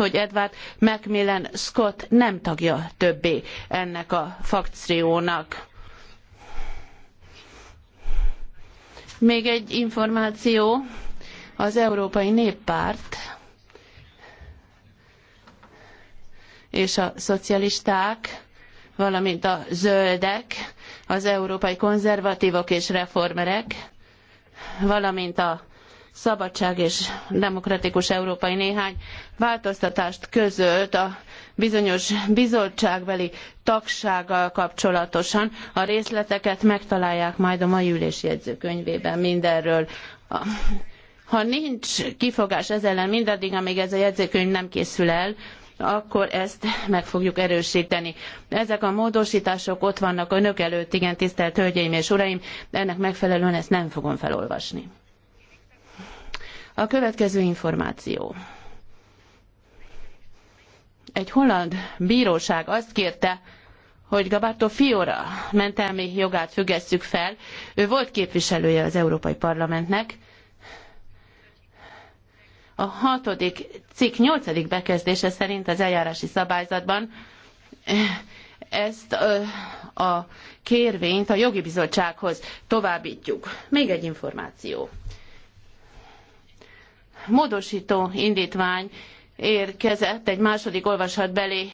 hogy Edward Macmillan Scott nem tagja többé ennek a fakciónak. Még egy információ, az Európai Néppárt és a szocialisták, valamint a zöldek, az európai konzervatívok és reformerek, valamint a szabadság és demokratikus európai néhány változtatást közölt a bizonyos bizottságbeli tagsággal kapcsolatosan. A részleteket megtalálják majd a mai ülés jegyzőkönyvében mindenről. Ha nincs kifogás ez ellen mindaddig, amíg ez a jegyzőkönyv nem készül el, akkor ezt meg fogjuk erősíteni. Ezek a módosítások ott vannak önök előtt, igen, tisztelt Hölgyeim és Uraim, ennek megfelelően ezt nem fogom felolvasni. A következő információ. Egy holland bíróság azt kérte, hogy Gabarto Fiora mentelmi jogát függesszük fel. Ő volt képviselője az Európai Parlamentnek. A hatodik cikk nyolcadik bekezdése szerint az eljárási szabályzatban ezt a kérvényt a jogi bizottsághoz továbbítjuk. Még egy információ módosító indítvány érkezett egy második olvasatbeli